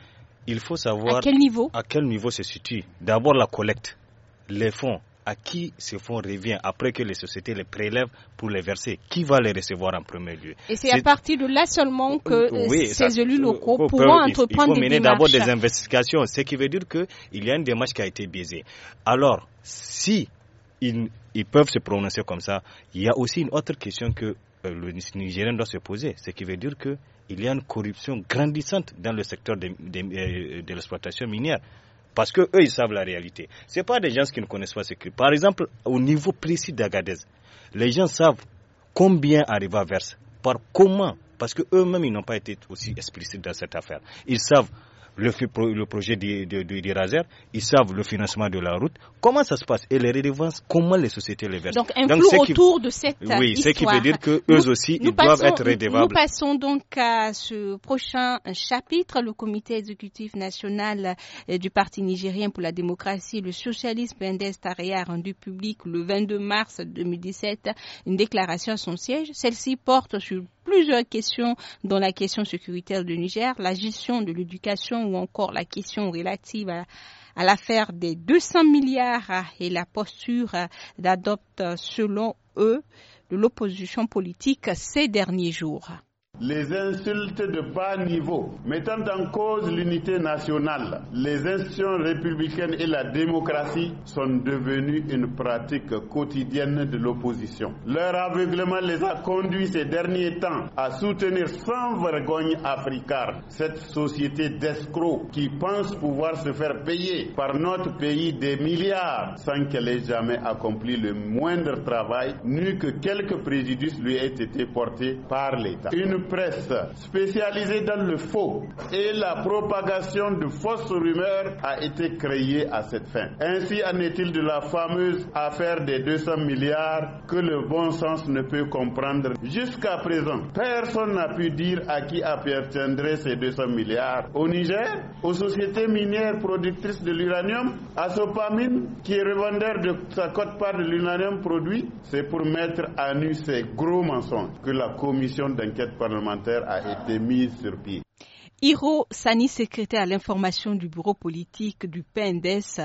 il faut savoir. À quel niveau se situe D'abord la collecte, les fonds à qui ce fonds revient après que les sociétés les prélèvent pour les verser Qui va les recevoir en premier lieu Et c'est à partir de là seulement que euh, ces élus euh, locaux pourront des entreprendre il faut mener d'abord des investigations, ce qui veut dire qu'il y a une démarche qui a été biaisée. Alors, si ils, peuvent se prononcer comme ça, il y a aussi une autre question que euh, le nigérian doit se poser, ce qui veut dire qu'il y a une corruption grandissante dans le secteur de l'exploitation minière. Parce que eux, ils savent la réalité. Ce pas des gens qui ne connaissent pas ce crime. Par exemple, au niveau précis d'Agadez, les gens savent combien arrive à verse, par comment. Parce que eux-mêmes, ils n'ont pas été aussi explicites dans cette affaire. Ils savent le, projet du, ils savent le financement de la route. Comment ça se passe Et les rédévances, comment les sociétés les versent Donc, un autour de cette Oui, ce qui veut dire qu'eux aussi, ils doivent être rédévables... Nous passons donc à ce prochain chapitre, le comité exécutif national euh, du Parti nigérien pour la démocratie le socialisme, Indestari, a rendu public le 22 mars 2017 une déclaration à son siège. Celle-ci porte sur plusieurs questions, dont la question sécuritaire de Niger, la gestion de l'éducation ou encore la question relative à, l'affaire des 200 milliards et la posture d'adopte selon eux de l'opposition politique ces derniers jours les insultes de bas niveau, mettant en cause l'unité nationale, les institutions républicaines et la démocratie sont devenues une pratique quotidienne de l'opposition. Leur aveuglement les a conduits ces derniers temps à soutenir sans vergogne Africard, cette société d'escrocs qui pense pouvoir se faire payer par notre pays des milliards sans qu'elle ait jamais accompli le moindre travail, nul que quelques préjudices lui aient été portés par l'État. Une presse spécialisée dans le faux et la propagation de fausses rumeurs a été créée à cette fin. Ainsi en est-il de la fameuse affaire des 200 milliards que le bon sens ne peut comprendre. Jusqu'à présent, personne n'a pu dire à qui appartiendraient ces 200 milliards. Au Niger, aux sociétés minières productrices de l'uranium, à Sopamine, qui est revendeur de sa cote-part de l'uranium produit, c'est pour mettre à nu ces gros mensonges que la commission d'enquête parlementaire a été mise sur pied. Hiro Sani, secrétaire à l'information du bureau politique du PNDS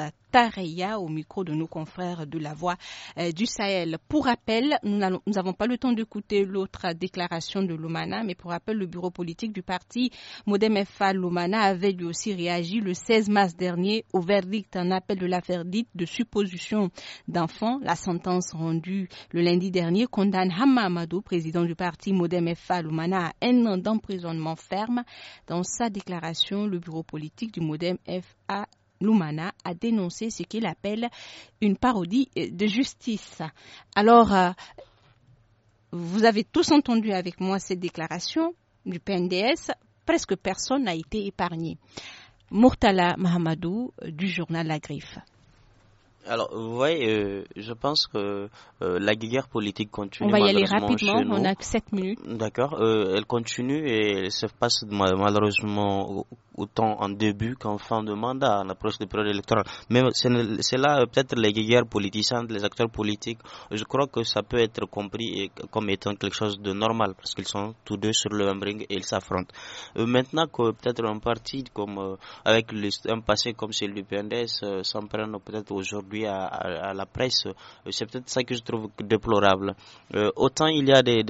au micro de nos confrères de la Voix euh, du Sahel. Pour rappel, nous n'avons pas le temps d'écouter l'autre déclaration de Lomana, mais pour rappel, le bureau politique du parti Modem FA Lomana avait lui aussi réagi le 16 mars dernier au verdict en appel de l'affaire dite de supposition d'enfants. La sentence rendue le lundi dernier condamne Hamma Amadou, président du parti Modem FA Lomana, à un an d'emprisonnement ferme. Dans sa déclaration, le bureau politique du Modem FA Lumana a dénoncé ce qu'il appelle une parodie euh, de justice. Alors, euh, vous avez tous entendu avec moi cette déclaration du PNDS. Presque personne n'a été épargné. Murtala Mahamadou euh, du journal La Griffe. Alors, vous voyez, euh, je pense que euh, la guerre politique continue. On va y aller rapidement, on a 7 minutes. D'accord, euh, elle continue et elle se passe malheureusement autant en début qu'en fin de mandat, en approche des périodes électorales. Mais c'est là peut-être les guerres politiciens, les acteurs politiques. Je crois que ça peut être compris comme étant quelque chose de normal parce qu'ils sont tous deux sur le même ring et ils s'affrontent. maintenant que peut-être un parti comme avec le, un passé comme celui du PNDS s'en prenne peut-être aujourd'hui à, la presse. Euh, c'est peut-être ça que je trouve déplorable. Euh, autant il y a des,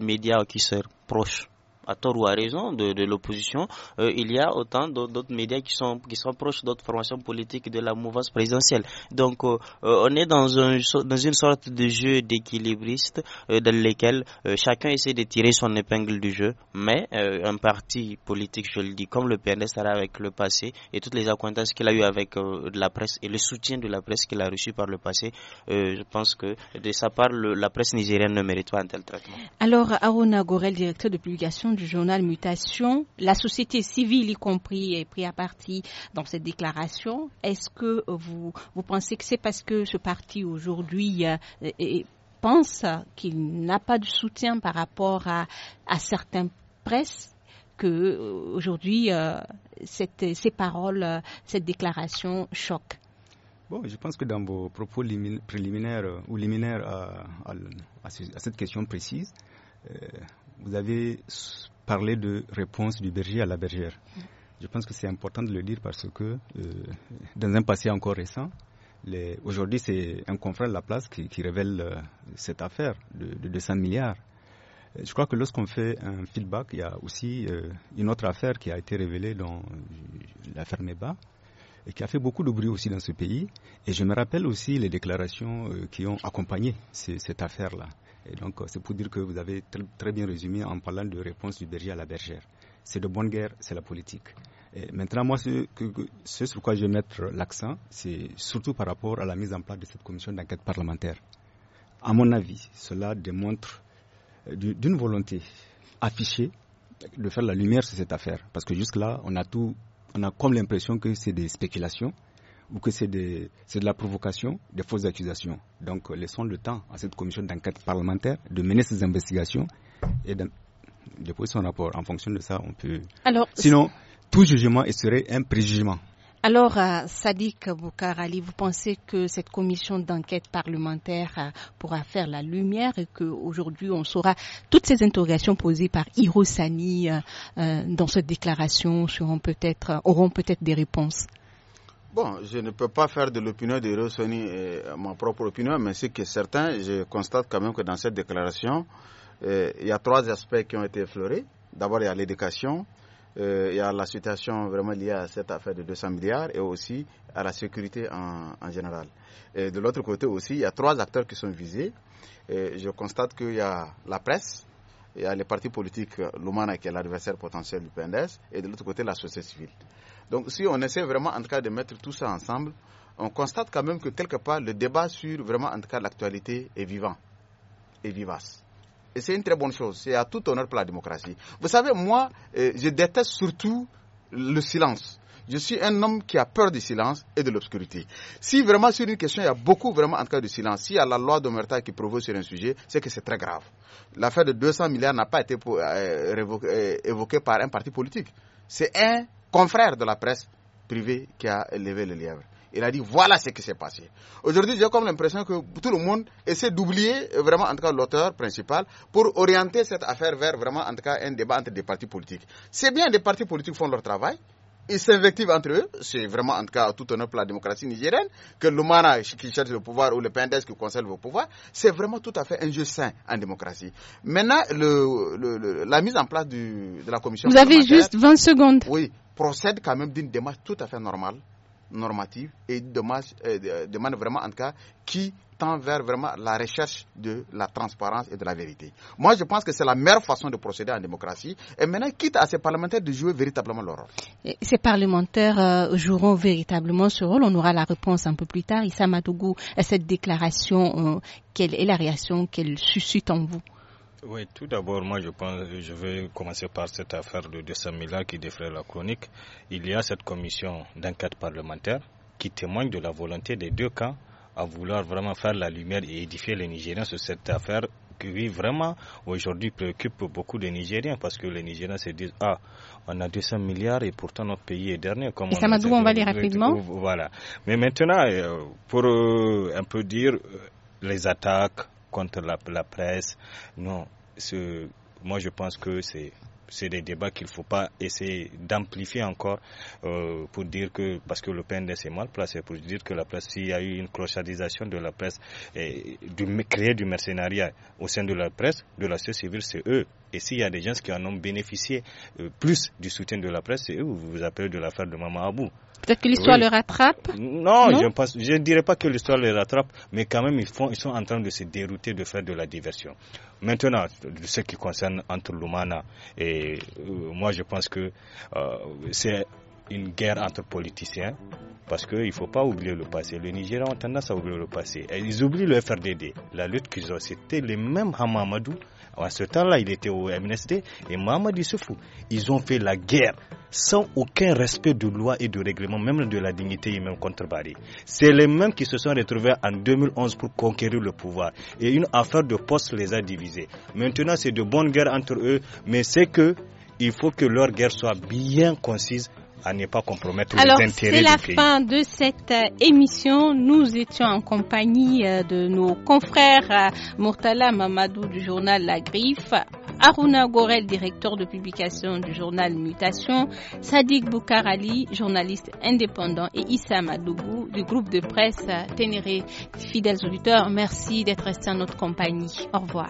médias qui se proches à tort ou à raison de, l'opposition, euh, il y a autant d'autres médias qui sont, qui sont proches d'autres formations politiques de la mouvance présidentielle. Donc, euh, euh, on est dans, un, dans une sorte de jeu d'équilibriste dans lequel chacun essaie de tirer son épingle du jeu, mais un parti politique, je le dis, comme le PNS sera avec le passé et toutes les acquaintances qu'il a eu avec la presse et le soutien de la presse qu'il a reçu par le passé, je pense que de sa part, la presse nigérienne ne mérite pas un tel traitement. Alors, Aruna Gorel, directeur de publication du journal Mutation, la société civile y compris est prise à partie dans cette déclaration. Est-ce que vous, pensez que c'est parce que ce parti aujourd'hui euh, pense qu'il n'a pas de soutien par rapport à, certains certaines presses que euh, aujourd'hui euh, ces paroles, cette déclaration choque Bon, je pense que dans vos propos préliminaires ou liminaires à, cette question précise, vous avez parlé de réponse du berger à la bergère. Je pense que c'est important de le dire parce que euh, dans un passé encore récent, aujourd'hui c'est un confrère de la place qui, révèle euh, cette affaire de, 200 milliards. Euh, je crois que lorsqu'on fait un feedback, il y a aussi une autre affaire qui a été révélée dans l'affaire Meba et qui a fait beaucoup de bruit aussi dans ce pays. Et je me rappelle aussi les déclarations qui ont accompagné cette affaire-là donc, euh, c'est pour dire que vous avez très, bien résumé en parlant de réponse du berger à la bergère. C'est de bonne guerre, c'est la politique. maintenant, moi, ce, sur quoi je vais mettre l'accent, c'est surtout par rapport à la mise en place de cette commission d'enquête parlementaire. À mon avis, cela démontre euh, d'une volonté affichée de faire la lumière sur cette affaire. Parce que jusque-là, on a tout, on a comme l'impression que c'est des spéculations ou que c'est de, la provocation, des fausses accusations. Donc laissons le temps à cette commission d'enquête parlementaire de mener ses investigations et de poser son rapport. En fonction de ça, on peut... Sinon, tout jugement serait un préjugement. Alors, euh, Sadiq Boukar Ali, vous pensez que cette commission d'enquête parlementaire euh, pourra faire la lumière et qu'aujourd'hui on saura toutes ces interrogations posées par Sani euh, dans cette déclaration seront peut-être, auront peut-être des réponses Bon, je ne peux pas faire de l'opinion de Rossoni euh, ma propre opinion, mais ce que certains, je constate quand même que dans cette déclaration, euh, il y a trois aspects qui ont été effleurés. D'abord, il y a l'éducation, euh, il y a la situation vraiment liée à cette affaire de 200 milliards et aussi à la sécurité en, général. Et de l'autre côté aussi, il y a trois acteurs qui sont visés. je constate qu'il y a la presse, il y a les partis politiques, l'Oumana qui est l'adversaire potentiel du PNDS, et de l'autre côté, la société civile. Donc si on essaie vraiment en tout cas de mettre tout ça ensemble, on constate quand même que quelque part le débat sur vraiment en tout cas l'actualité est vivant et vivace. Et c'est une très bonne chose, c'est à tout honneur pour la démocratie. Vous savez, moi, euh, je déteste surtout le silence. Je suis un homme qui a peur du silence et de l'obscurité. Si vraiment sur une question, il y a beaucoup vraiment en tout cas de silence, s'il y a la loi d'Omerta qui provoque sur un sujet, c'est que c'est très grave. L'affaire de 200 milliards n'a pas été euh, euh, évoquée par un parti politique. C'est un confrère de la presse privée qui a levé le lièvre. Il a dit voilà ce qui s'est passé. Aujourd'hui, j'ai comme l'impression que tout le monde essaie d'oublier vraiment en tout cas l'auteur principal pour orienter cette affaire vers vraiment en tout cas un débat entre des partis politiques. C'est bien des partis politiques font leur travail, ils s'invectivent entre eux. C'est vraiment, en tout cas, tout honneur pour la démocratie nigérienne. Que l'Oumana qui cherche le pouvoir ou le PNDES qui conserve le pouvoir, c'est vraiment tout à fait un jeu sain en démocratie. Maintenant, la mise en place de la commission. Vous avez juste 20 secondes. Oui, procède quand même d'une démarche tout à fait normale normative et demande, euh, demande vraiment en tout cas qui tend vers vraiment la recherche de la transparence et de la vérité. Moi, je pense que c'est la meilleure façon de procéder en démocratie. Et maintenant, quitte à ces parlementaires de jouer véritablement leur rôle. ces parlementaires euh, joueront véritablement ce rôle. On aura la réponse un peu plus tard. Issa Madougou, cette déclaration, euh, quelle est la réaction qu'elle suscite en vous oui, tout d'abord, moi je pense, je vais commencer par cette affaire de 200 000 qui défrait la chronique. Il y a cette commission d'enquête parlementaire qui témoigne de la volonté des deux camps à vouloir vraiment faire la lumière et édifier les Nigériens sur cette affaire qui vraiment aujourd'hui préoccupe beaucoup de Nigériens parce que les Nigériens se disent ah on a 200 milliards et pourtant notre pays est dernier. Comme et on dit « on va aller rapidement. Voilà. Mais maintenant, euh, pour euh, un peu dire euh, les attaques contre la presse, non, moi je pense que c'est c'est des débats qu'il ne faut pas essayer d'amplifier encore euh, pour dire que, parce que le PND s'est mal placé, pour dire que la presse, s'il y a eu une clochardisation de la presse, et du, créer du mercenariat au sein de la presse, de la société civile, c'est eux et s'il y a des gens qui en ont bénéficié euh, plus du soutien de la presse, c'est eux, vous vous appelez de l'affaire de Maman Abou. Peut-être que l'histoire le rattrape Non, je ne dirais pas que l'histoire le rattrape, mais quand même, ils, font, ils sont en train de se dérouter, de faire de la diversion. Maintenant, ce qui concerne entre Lumana et euh, moi, je pense que euh, c'est une guerre entre politiciens. Parce qu'il ne faut pas oublier le passé. Les Nigériens ont tendance à oublier le passé. ils oublient le FRDD. La lutte qu'ils ont, c'était les mêmes Hamamadou. À ce temps-là, il était au MNSD. Et Mohamed Issoufou. Ils ont fait la guerre sans aucun respect de loi et de règlement, même de la dignité même contre Bari. C'est les mêmes qui se sont retrouvés en 2011 pour conquérir le pouvoir. Et une affaire de poste les a divisés. Maintenant, c'est de bonnes guerres entre eux. Mais c'est que il faut que leur guerre soit bien concise à ne pas compromettre Alors, les intérêts Alors, c'est la fin de cette euh, émission. Nous étions en compagnie euh, de nos confrères euh, Murtala Mamadou du journal La Griffe, Aruna Gorel, directeur de publication du journal Mutation, Sadiq Boukarali, journaliste indépendant, et Issa Madougou du groupe de presse Ténéré. Fidèles auditeurs, merci d'être restés en notre compagnie. Au revoir.